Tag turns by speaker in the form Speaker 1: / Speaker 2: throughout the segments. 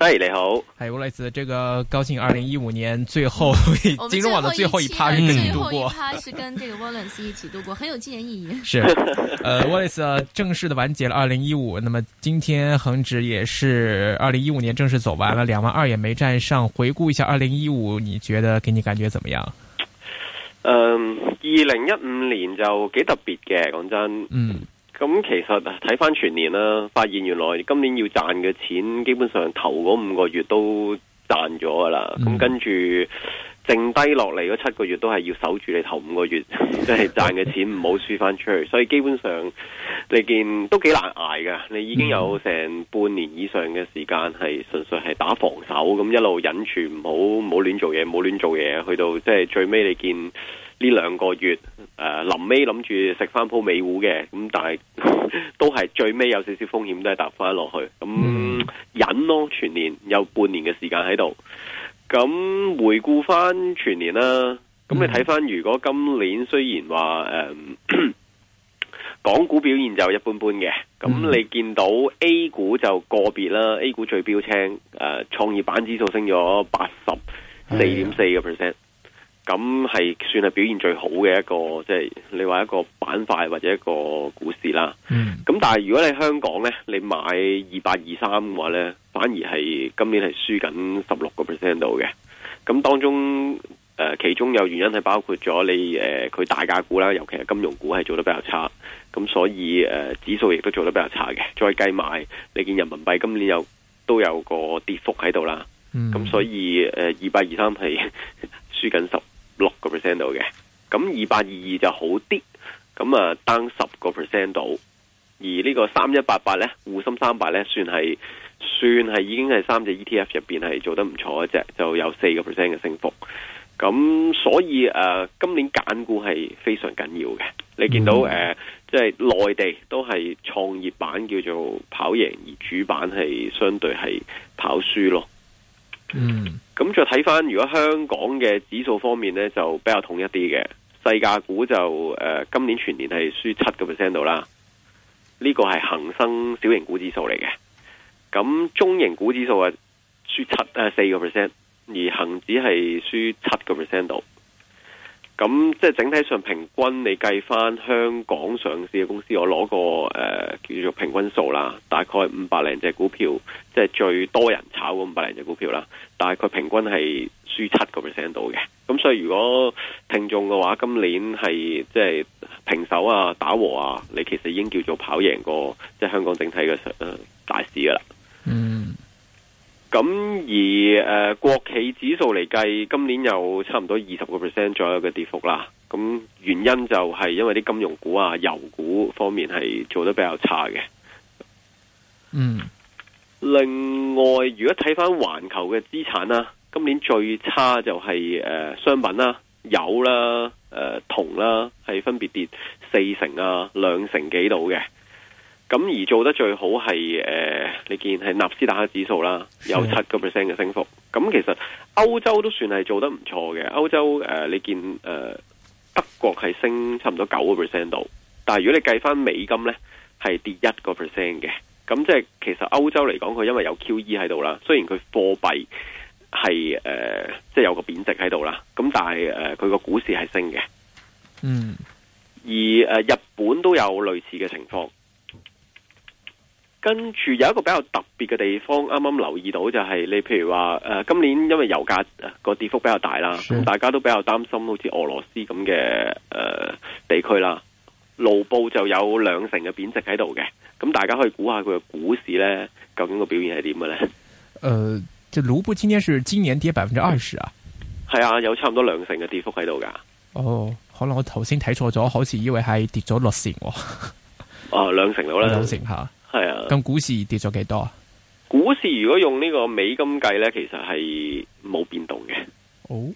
Speaker 1: 嗨、hey，你好，嗨 Wallace 這個高興二零一五年最後一， 最後一 金融網的最後一趴，嗯，度過，是跟這個 Wallace 一起度過，
Speaker 2: 很有紀念意義。
Speaker 1: 是，呃，Wallace 正式的完結了二零一五，那麼今天恒指也是二零一五年正式走完了，兩萬二也沒站上。回顧一下二零一五，你覺得給你感覺怎麼樣？
Speaker 3: 嗯，二零一五年就幾特別嘅，講真，嗯。咁其實睇返全年啦，發現原來今年要賺嘅錢，基本上頭嗰五個月都賺咗㗎喇，咁、嗯、跟住。剩低落嚟嗰七個月都係要守住你頭五個月即係、就是、賺嘅錢，唔好輸翻出去。所以基本上你見都幾難捱噶。你已經有成半年以上嘅時間係純粹係打防守，咁一路忍住，唔好唔好亂做嘢，唔好亂做嘢。去到即係、就是、最尾，你見呢兩個月誒臨尾諗住食翻鋪尾糊嘅，咁但係都係最尾有少少風險都係搭翻落去。咁忍咯，全年有半年嘅時間喺度。咁回顧翻全年啦，咁你睇翻如果今年雖然話、嗯、港股表現就一般般嘅，咁你見到 A 股就個別啦，A 股最標青，呃、創業板指數升咗八十四點四個 percent。咁係算係表現最好嘅一個，即係你話一個板塊或者一個股市啦。咁、嗯、但係如果你香港呢，你買二八二三嘅話呢，反而係今年係輸緊十六個 percent 度嘅。咁當中誒、呃、其中有原因係包括咗你誒佢、呃、大價股啦，尤其係金融股係做得比較差。咁所以誒、呃、指數亦都做得比較差嘅。再計埋你見人民幣今年有都有個跌幅喺度啦。咁、嗯、所以誒二八二三係輸緊十六個 percent 到嘅，咁二八二二就好啲，咁啊單十個 percent 到。而呢個三一八八呢，滬深三百呢，算係算係已經係三隻 ETF 入邊係做得唔錯一隻，就有四個 percent 嘅升幅。咁所以誒、啊，今年揀股係非常緊要嘅。你見到誒，即係內地都係創業板叫做跑贏，而主板係相對係跑輸咯。嗯，咁再睇翻，如果香港嘅指數方面呢，就比較統一啲嘅。世界股就誒、呃，今年全年係輸七個 percent 度啦。呢個係恒生小型股指數嚟嘅。咁中型股指數係輸七啊四個 percent，而恒指係輸七個 percent 度。咁即係整體上平均，你計翻香港上市嘅公司，我攞個誒叫做平均數啦，大概五百零隻股票，即係最多人炒五百零隻股票啦，大概平均係輸七個 percent 到嘅。咁所以如果聽眾嘅話，今年係即係平手啊、打和啊，你其實已經叫做跑贏過即係香港整體嘅大市㗎喇。咁而誒、呃，國企指數嚟計，今年有差唔多二十個 percent 左右嘅跌幅啦。咁原因就係因為啲金融股啊、油股方面係做得比較差嘅。嗯，另外如果睇翻環球嘅資產啦、啊，今年最差就係、是、誒、呃，商品啦、啊、油啦、啊、誒銅啦，係、啊、分別跌四成啊、兩成幾度嘅。咁而做得最好係誒，你見係納斯達克指數啦，有七個 percent 嘅升幅。咁其實歐洲都算係做得唔錯嘅。歐洲誒，你見誒德國係升差唔多九個 percent 度，但係如果你計翻美金呢，係跌一個 percent 嘅。咁即係其實歐洲嚟講，佢因為有 QE 喺度啦，雖然佢貨幣係誒即係有個貶值喺度啦，咁但係誒佢個股市係升嘅。嗯。而誒日本都有類似嘅情況。跟住有一個比較特別嘅地方，啱啱留意到就係、是、你，譬如話誒、呃，今年因為油價個跌幅比較大啦，大家都比較擔心，好似俄羅斯咁嘅誒地區啦，盧布就有兩成嘅貶值喺度嘅。咁大家可以估下佢嘅股市呢，究竟個表現係點嘅呢？誒、
Speaker 1: 呃，即係盧布今年是今年跌百分之二十啊。
Speaker 3: 係啊，有差唔多兩成嘅跌幅喺度噶。
Speaker 1: 哦，可能我頭先睇錯咗，好似以為係跌咗六成哦。
Speaker 3: 哦，兩成到啦，兩成吓。啊係啊，咁
Speaker 1: 股市跌咗幾多啊？
Speaker 3: 股市如果用呢個美金計咧，其實係冇變動嘅。哦，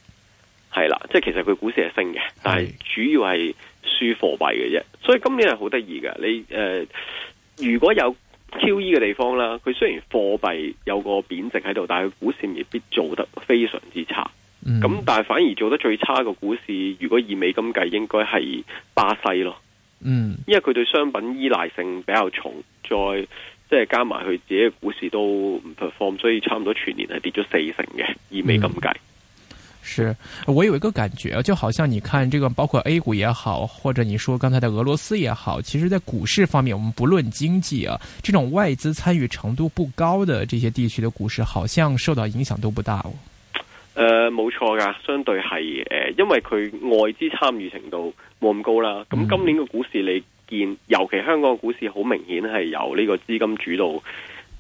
Speaker 3: 係啦，即係其實佢股市係升嘅，但係主要係輸貨幣嘅啫。所以今年係好得意嘅。你誒、呃，如果有 QE 嘅地方啦，佢雖然貨幣有個貶值喺度，但係股市未必做得非常之差。咁、嗯、但係反而做得最差個股市，如果以美金計，應該係巴西咯。嗯，因為佢對商品依賴性比較重，再即係加埋佢自己嘅股市都唔 perform，所以差唔多全年係跌咗四成嘅，以美金計。
Speaker 1: 是，我有一個感覺，就好像你看這個包括 A 股也好，或者你說剛才的俄羅斯也好，其實在股市方面，我們不論經濟啊，這種外資參與程度不高的這些地區的股市，好像受到影響都不大。
Speaker 3: 誒、呃，冇錯噶，相對係誒、呃，因為佢外資參與程度冇咁高啦。咁今年嘅股市你見，尤其香港嘅股市好明顯係由呢個資金主導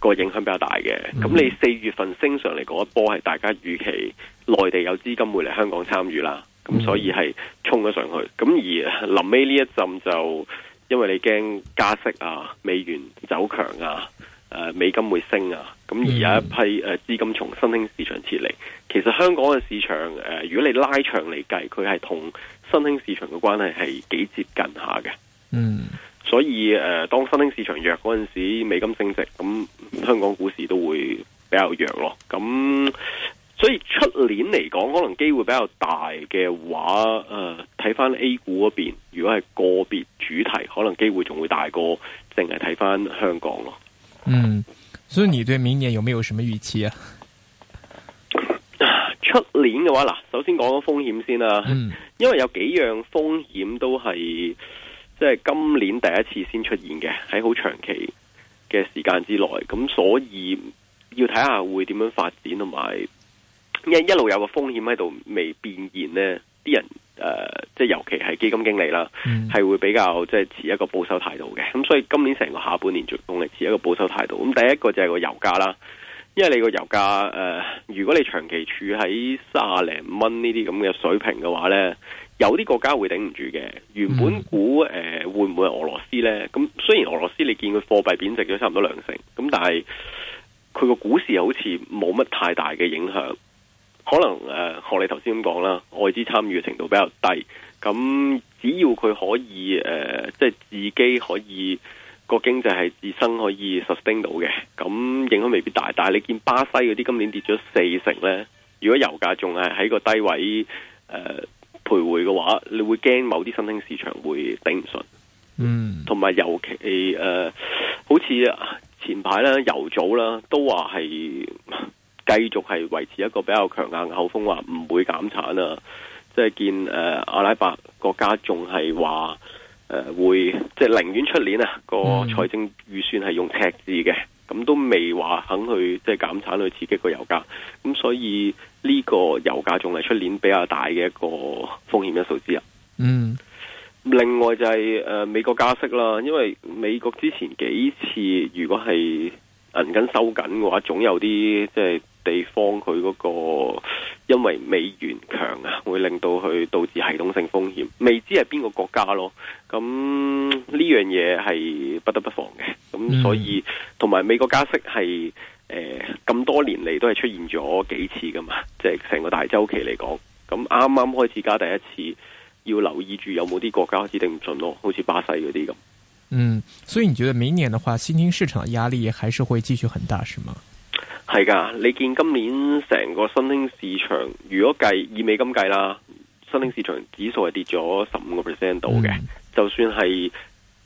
Speaker 3: 個影響比較大嘅。咁你四月份升上嚟嗰一波係大家預期內地有資金會嚟香港參與啦，咁所以係衝咗上去。咁而臨尾呢一陣就，因為你驚加息啊、美元走強啊。誒、呃，美金會升啊，咁而有一批誒資、呃、金從新興市場撤離。其實香港嘅市場誒、呃，如果你拉長嚟計，佢係同新興市場嘅關係係幾接近下嘅。嗯，所以誒、呃，當新興市場弱嗰陣時，美金升值，咁香港股市都會比較弱咯。咁所以出年嚟講，可能機會比較大嘅話，誒、呃，睇翻 A 股嗰邊，如果係個別主題，可能機會仲會大過淨係睇翻香港咯。
Speaker 1: 嗯，所以你對明年有沒有什麼預期啊？
Speaker 3: 出年嘅話，嗱，首先講講風險先啦，
Speaker 1: 嗯。
Speaker 3: 因為有幾樣風險都係即係今年第一次先出現嘅，喺好長期嘅時間之內，咁所以要睇下會點樣發展，同埋一一路有個風險喺度未變現呢啲人。誒、呃，即係尤其係基金經理啦，係、嗯、會比較即係持一個保守態度嘅。咁所以今年成個下半年進攻係持一個保守態度。咁第一個就係個油價啦，因為你個油價誒、呃，如果你長期處喺卅零蚊呢啲咁嘅水平嘅話呢，有啲國家會頂唔住嘅。原本估誒、呃、會唔會係俄羅斯呢？咁雖然俄羅斯你見佢貨幣貶值咗差唔多兩成，咁但係佢個股市好似冇乜太大嘅影響。可能誒，學、呃、你頭先咁講啦，外資參與嘅程度比較低。咁只要佢可以誒、呃，即係自己可以個經濟係自身可以 sustain 到嘅，咁影響未必大。但係你見巴西嗰啲今年跌咗四成呢，如果油價仲係喺個低位、呃、徘徊嘅話，你會驚某啲新興市場會頂唔順。嗯，同埋尤其誒、呃，好似前排咧，油組啦都話係。繼續係維持一個比較強硬嘅口風，話唔會減產啊，即係見誒、呃，阿拉伯國家仲係話誒會，即係寧願出年啊、嗯，個財政預算係用赤字嘅，咁都未話肯去即係減產去刺激個油價。咁所以呢個油價仲係出年比較大嘅一個風險因素之一。嗯，另外就係、是、誒、呃、美國加息啦，因為美國之前幾次如果係。銀根收緊嘅話，總有啲即係地方佢嗰、嗰個，因為美元強啊，會令到佢導致系統性風險，未知係邊個國家咯。咁呢樣嘢係不得不防嘅。咁所以同埋、嗯、美國加息係誒咁多年嚟都係出現咗幾次噶嘛，即係成個大週期嚟講。咁啱啱開始加第一次，要留意住有冇啲國家指定唔準咯，好似巴西嗰啲
Speaker 1: 咁。嗯，所以你覺得明年的話，新興市場嘅壓力還是會繼續很大，是嗎？
Speaker 3: 係噶，你見今年成個新興市場，如果計以美金計啦，新興市場指數係跌咗十五個 percent 到嘅，Okay. 就算係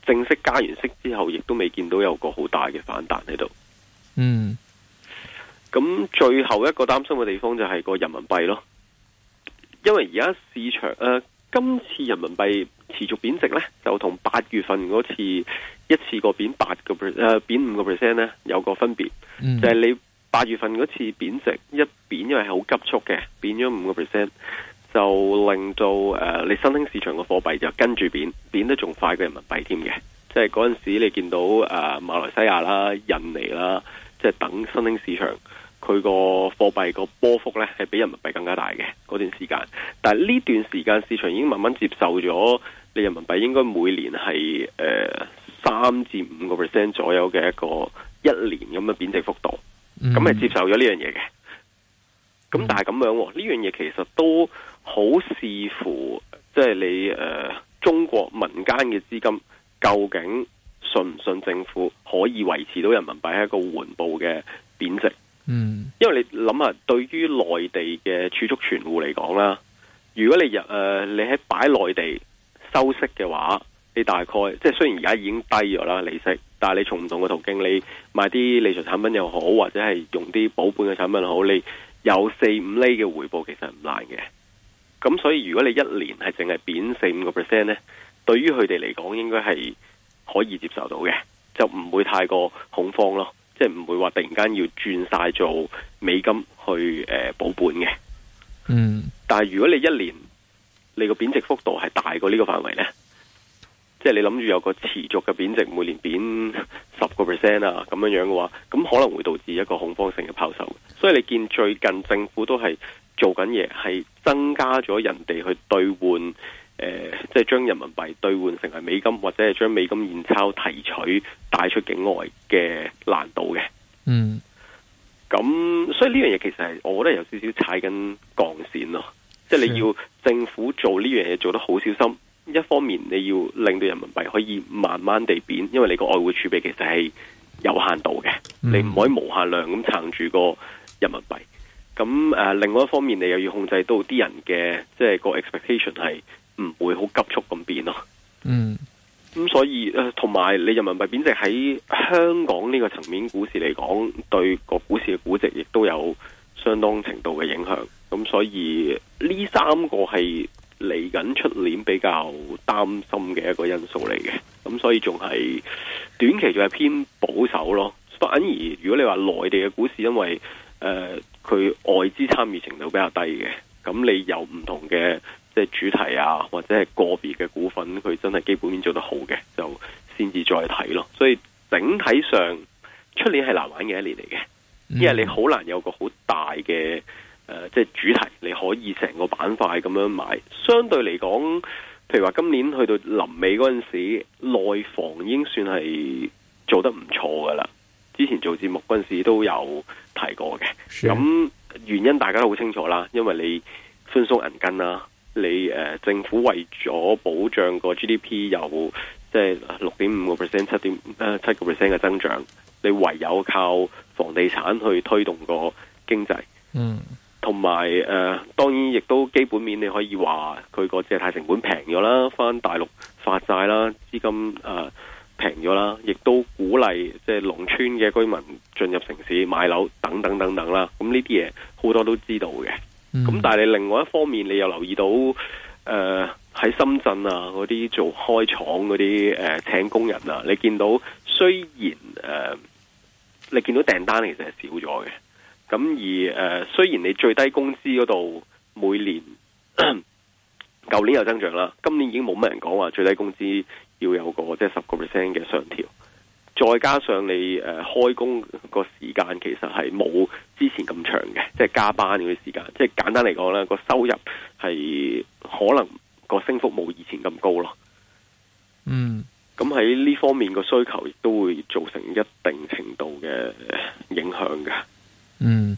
Speaker 3: 正式加完息之後，亦都未見到有個好大嘅反彈喺度。嗯，咁最後一個擔心嘅地方就係個人民幣咯，因為而家市場誒。呃今次人民幣持續貶值呢，就同八月份嗰次一次過貶八個 percent，誒貶五個 percent 咧，有個分別，嗯。就係、是、你八月份嗰次貶值一貶，因為係好急促嘅，貶咗五個 percent，就令到誒、呃、你新興市場嘅貨幣就跟住貶，貶得仲快過人民幣添嘅。即係嗰陣時你見到誒、呃、馬來西亞啦、印尼啦，即係等新興市場。佢個貨幣個波幅咧，係比人民幣更加大嘅嗰段時間。但係呢段時間，市場已經慢慢接受咗你人民幣應該每年係誒三至五個 percent 左右嘅一個一年咁嘅貶值幅度，咁，嗯，係接受咗呢樣嘢、啊、嘅。咁但係咁樣呢樣嘢，其實都好視乎，即、就、係、是、你、誒、呃、中國民間嘅資金究竟信唔信政府可以維持到人民幣係一個緩步嘅貶值。嗯，因為你諗下，對於內地嘅儲蓄存戶嚟講啦，如果你入誒、呃，你喺擺內地收息嘅話，你大概即係雖然而家已經低咗啦利息，但係你從唔同嘅途徑，你買啲理財產品又好，或者係用啲保本嘅產品又好，你有四五厘嘅回報，其實唔難嘅。咁所以，如果你一年係淨係貶四五個 percent 咧，對於佢哋嚟講，應該係可以接受到嘅，就唔會太過恐慌咯。即係唔會話突然間要轉晒做美金去誒保本嘅，嗯。但係如果你一年你個貶值幅度係大過呢個範圍呢，即係你諗住有個持續嘅貶值，每年貶十個 percent 啊咁樣樣嘅話，咁可能會導致一個恐慌性嘅拋售。所以你見最近政府都係做緊嘢，係增加咗人哋去兌換。誒、呃，即係將人民幣兌換成為美金，或者係將美金現鈔提取帶出境外嘅難度嘅。嗯，咁所以呢樣嘢其實係我覺得有少少踩緊鋼線咯。即係你要政府做呢樣嘢做得好小心。一方面你要令到人民幣可以慢慢地貶，因為你個外匯儲備其實係有限度嘅、嗯，
Speaker 2: 你唔可以無
Speaker 3: 限量咁撐住個人民幣。咁誒、呃，另外一方面你又要控制到啲人嘅即係個 expectation 係。唔會好急速咁變咯，啊，嗯，咁所以，誒，同埋你人民幣貶值喺香港呢個層面，股市嚟講，對個股市嘅估值，亦都有相當程度嘅影響。咁所以呢三個係嚟緊出年比較擔心嘅一個因素嚟嘅。咁所以仲係短期仲係偏保守咯。反而如果你話內地嘅股市，因為誒佢、呃、外資參與程度比較低嘅，咁你有唔同嘅。即、就、係、是、主題啊，或者係個別嘅股份，佢真係基本面做得好嘅，就先至再睇咯。所以整體上，出年係難玩嘅一年嚟嘅，嗯，因為你好難有個好大嘅誒，即、呃、係、就是、主題，你可以成個板塊咁樣買。相對嚟講，譬如話今年去到臨尾嗰陣時，內房已經算係做得唔錯噶啦。之前做節目嗰陣時都有提過嘅，咁原因大家都好清楚啦，因為你寬鬆銀根啦、啊。你誒、呃、政府為咗保障個 GDP 由即係六點五個 percent、七點誒七個 percent 嘅增長，你唯有靠房地產去推動個經濟。嗯，同埋誒當然亦都基本面你可以話佢個借貸成本平咗啦，翻大陸發債啦，資金誒平咗啦，亦、呃、都鼓勵即係、就是、農村嘅居民進入城市買樓等等等等啦。咁呢啲嘢好多都知道嘅。咁、嗯、但係你另外一方面，你又留意到，誒、呃、喺深圳啊，嗰啲做開廠嗰啲誒請工人啊，你見到雖然誒、呃，你見到訂單其實係少咗嘅，咁而誒、呃、雖然你最低工資嗰度每年，舊年又增長啦，今年已經冇乜人講話最低工資要有個即係十個 percent 嘅上調。再加上你誒、呃、開工個時間其實係冇之前咁長嘅，即係加班嗰啲時間。即係簡單嚟講咧，個收入係可能個升幅冇以前咁高咯。嗯，咁喺呢方面個需求亦都會造成一定程度嘅影響嘅。嗯。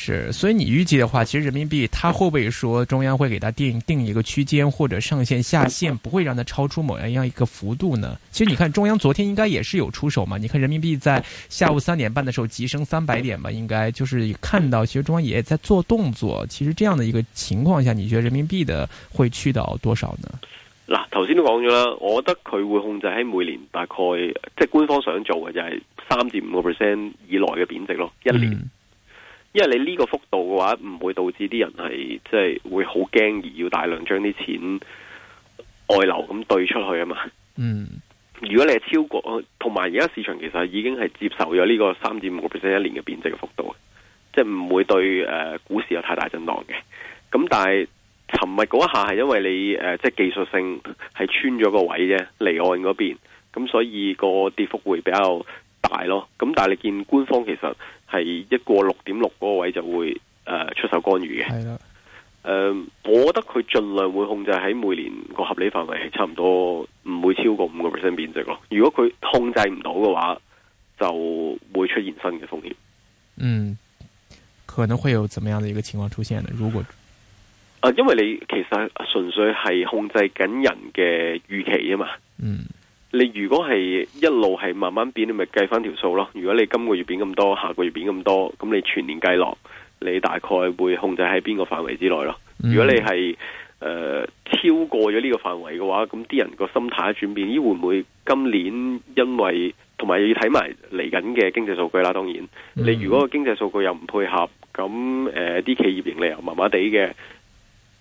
Speaker 1: 是，所以你預計的話，其實人民幣它會不會說中央會給它定定一個區間或者上限下限，不會讓它超出某樣樣一個幅度呢？其實你看，中央昨天應該也是有出手嘛。你看人民幣在下午三點半的時候急升三百點嘛，應該就是看到其實中央也在做動作。其實這樣的一個情況下，你覺得人民幣的會去到多少呢？
Speaker 3: 嗱，頭先都講咗啦，我覺得佢會控制喺每年大概即係官方想做嘅就係三至五個 percent 以內嘅貶值咯，一年。嗯因為你呢個幅度嘅話，唔會導致啲人係即係會好驚而要大量將啲錢外流咁兌出去啊嘛。
Speaker 2: 嗯，
Speaker 3: 如果你係超過，同埋而家市場其實已經係接受咗呢個三至五個 percent 一年嘅貶值嘅幅度，即係唔會對誒、呃、股市有太大震蕩嘅。咁但係尋日嗰一下係因為你誒、呃、即係技術性係穿咗個位啫，離岸嗰邊，咁所以個跌幅會比較大咯。咁但係你見官方其實。係一過六點六嗰個位就會誒、呃、出手干預嘅。係啦，誒、呃，我覺得佢盡量會控制喺每年個合理範圍，係差唔多唔會超過五個 percent 貶值咯。如果佢控制唔到嘅話，就會出現新嘅風險。嗯，
Speaker 1: 可能會有怎麼樣的一個情況出現呢？如果
Speaker 3: 誒、啊，因為你其實純粹係控制緊人嘅預期啊嘛。嗯。你如果係一路係慢慢變，你咪計翻條數咯。如果你今個月變咁多，下個月變咁多，咁你全年計落，你大概會控制喺邊個範圍之內咯，嗯。如果你係誒、呃、超過咗呢個範圍嘅話，咁啲人個心態一轉變，咦會唔會今年因為同埋要睇埋嚟緊嘅經濟數據啦？當然，你如果個經濟數據又唔配合，咁誒啲企業盈利又麻麻地嘅，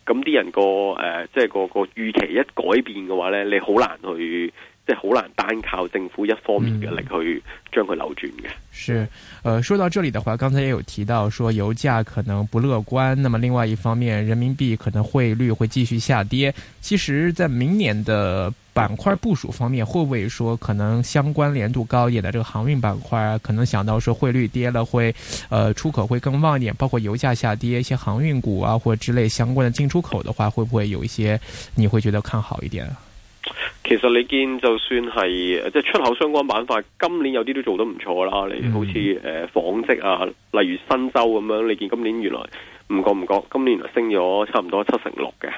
Speaker 3: 咁啲人個、呃就是那個誒即係個個預期一改變嘅話咧，你好難去。即係好難單靠政府一方面嘅力去將佢扭轉嘅、嗯。
Speaker 1: 是，呃，說到這裏的話，剛才也有提到說油價可能不樂觀，那麼另外一方面，人民幣可能匯率會繼續下跌。其實，在明年嘅板塊部署方面，會不會說可能相關聯度高一點嘅這個航運板塊啊，可能想到說匯率跌了會，呃，出口會更旺一點，包括油價下跌，一些航運股啊或者之類相關的進出口的話，會不會有一些你會覺得看好一點？
Speaker 3: 其實你見就算係即係出口相關板塊，今年有啲都做得唔錯啦。例如好似誒紡織啊，例如新州咁樣，你見今年原來唔覺唔覺，今年原來升咗差唔多七成六嘅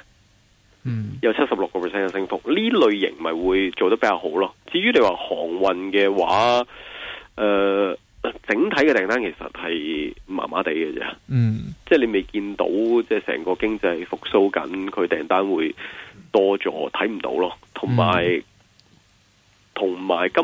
Speaker 3: ，mm. 有七十六個 percent 嘅升幅，呢類型咪會做得比較好咯。至於你話航運嘅話，誒、呃，整體嘅訂單其實係麻麻地嘅啫，嗯、mm.，即係你未見到，即係成個經濟復蘇緊，佢訂單會多咗，睇唔到咯。同埋，同埋今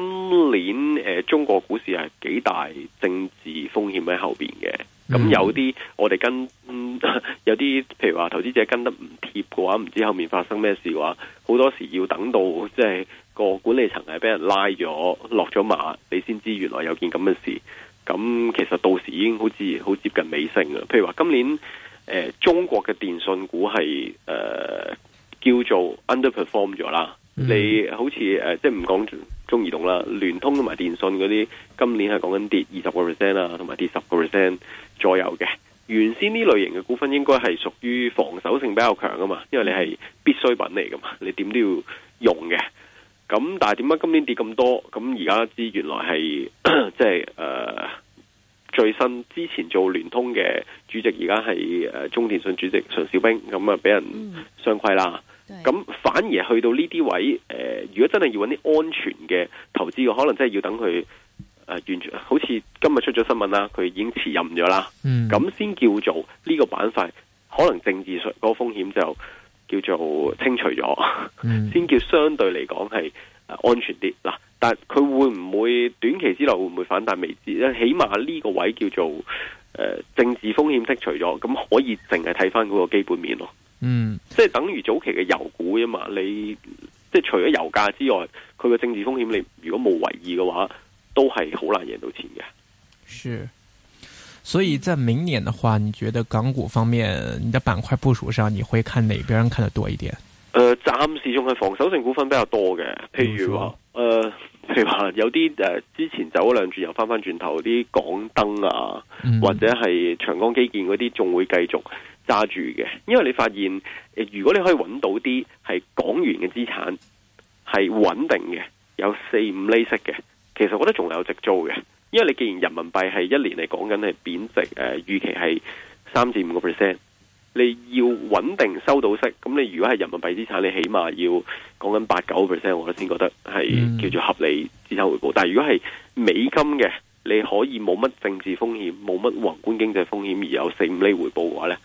Speaker 3: 年誒、呃，中國股市係幾大政治風險喺後邊嘅。咁有啲我哋跟，嗯、有啲譬如話投資者跟得唔貼嘅話，唔知後面發生咩事嘅話，好多時要等到即係、就是、個管理層係俾人拉咗落咗馬，你先知原來有件咁嘅事。咁其實到時已經好似好接近尾聲啦。譬如話今年誒、呃，中國嘅電信股係誒、呃、叫做 underperform 咗啦。你好似、呃、即係唔講中移動啦，聯通同埋電信嗰啲，今年係講緊跌二十個 percent 啊，同埋跌十個 percent 左右嘅。原先呢類型嘅股份應該係屬於防守性比較強嘅嘛，因為你係必需品嚟嘅嘛，你點都要用嘅。咁但係點解今年跌咁多？咁而家知原來係即係誒最新之前做聯通嘅主席，而家係中電信主席常小兵，咁啊俾人雙規啦。嗯。咁反而去到呢啲位，誒、呃，如果真係要揾啲安全嘅投資嘅，可能真係要等佢誒、呃、完全，好似今日出咗新聞啦，佢已經辭任咗啦，咁、嗯、先叫做呢個板塊可能政治上嗰個風險就叫做清除咗、嗯，先叫相對嚟講係安全啲。嗱，但係佢會唔會短期之內會唔會反彈未知，起碼呢個位叫做誒、呃、政治風險剔除咗，咁可以淨係睇翻嗰個基本面咯。嗯，即係等於早期嘅油股吖嘛，你即係除咗油價之外，佢嘅政治風險，你如果冇為意嘅話，都係好難贏到錢嘅。
Speaker 1: 是，所以在明年的話，你覺得港股方面，你的板塊部署上，你會看哪邊人看得多一點？誒、
Speaker 3: 呃，暫時仲係防守性股份比較多嘅，譬如誒，譬、哦呃、如話有啲誒、呃，之前走咗兩轉又翻翻轉頭啲港燈啊，嗯、或者係長江基建嗰啲，仲會繼續。揸住嘅，因為你發現，如果你可以揾到啲係港元嘅資產，係穩定嘅，有四五厘息嘅，其實我覺得仲有直租嘅。因為你既然人民幣係一年嚟講緊係貶值，誒、呃、預期係三至五個 percent，你要穩定收到息，咁你如果係人民幣資產，你起碼要講緊八九 percent，我先覺得係叫做合理資產回報。嗯、但係如果係美金嘅，你可以冇乜政治風險，冇乜宏觀經濟風險，而有四五厘回報嘅話呢。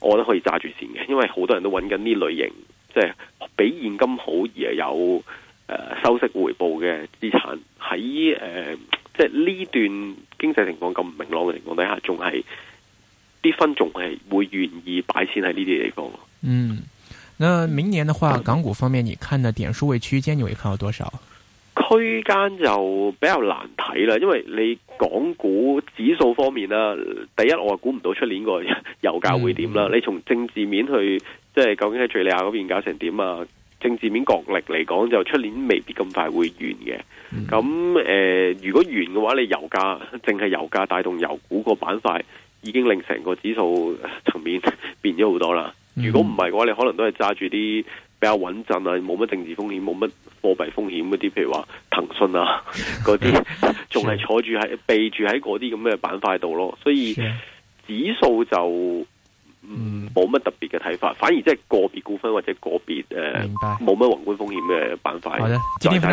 Speaker 3: 我覺得可以揸住線嘅，因為好多人都揾緊呢類型，即係比現金好而有誒收息回報嘅資產，喺誒、呃、即係呢段經濟情況咁唔明朗嘅情況底下，仲係啲分仲係會願意擺錢喺呢啲地方。嗯，
Speaker 1: 那明年嘅話，港股方面，你看嘅點數位區間，你會看到多少？
Speaker 3: 區間就比較難睇啦，因為你港股指數方面啦，第一我估唔到出年個油價會點啦，嗯。你從政治面去，即係究竟喺敘利亞嗰邊搞成點啊？政治面角力嚟講，就出年未必咁快會完嘅。咁，嗯、誒、呃，如果完嘅話，你油價淨係油價帶動油股個板塊，已經令成個指數層面變咗好多啦，嗯。如果唔係嘅話，你可能都係揸住啲。比較穩陣啊，冇乜政治風險，冇乜貨幣風險嗰啲，譬如話騰訊啊，嗰啲仲係坐住喺避住喺嗰啲咁嘅板塊度咯，所以指數就冇乜特別嘅睇法，反而即係個別股份或者個別誒冇乜宏觀風險嘅板塊。 板塊